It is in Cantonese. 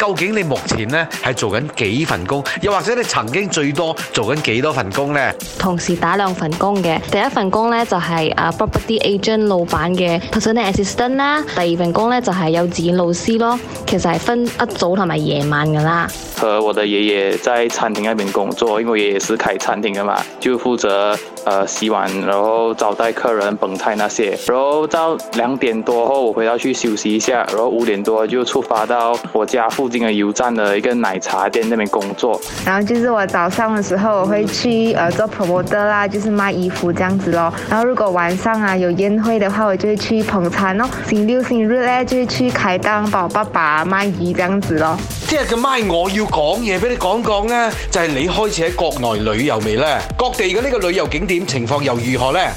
究竟你目前咧係做緊幾份工，又或者你曾經最多做緊幾多份工咧？同時打兩份工嘅，第一份工咧就係啊 Property Agent 老闆嘅 Personal Assistant 啦，第二份工咧就係幼稚園老師咯。其實係分一早同埋夜晚噶啦。和我的爺爺在餐廳嗰邊工作，因為爺爺是開餐廳噶嘛，就負責呃洗碗，然後招待客人、捧菜那些。然後到兩點多後我回到去休息一下，然後五點多就出發到我家附。在油站的一個奶茶店那邊工作，然後就是我早上的時候我會去呃做 promoter 啦，就是賣衣服這樣子咯。然後如果晚上啊有宴會的話，我就會去捧餐哦。星期六、星期日咧，就是去開檔幫我爸爸賣魚這樣子咯。這個咪，我要講嘢俾你講講啊，就係你開始喺國內旅遊未咧？各地嘅呢個旅遊景點情況又如何咧？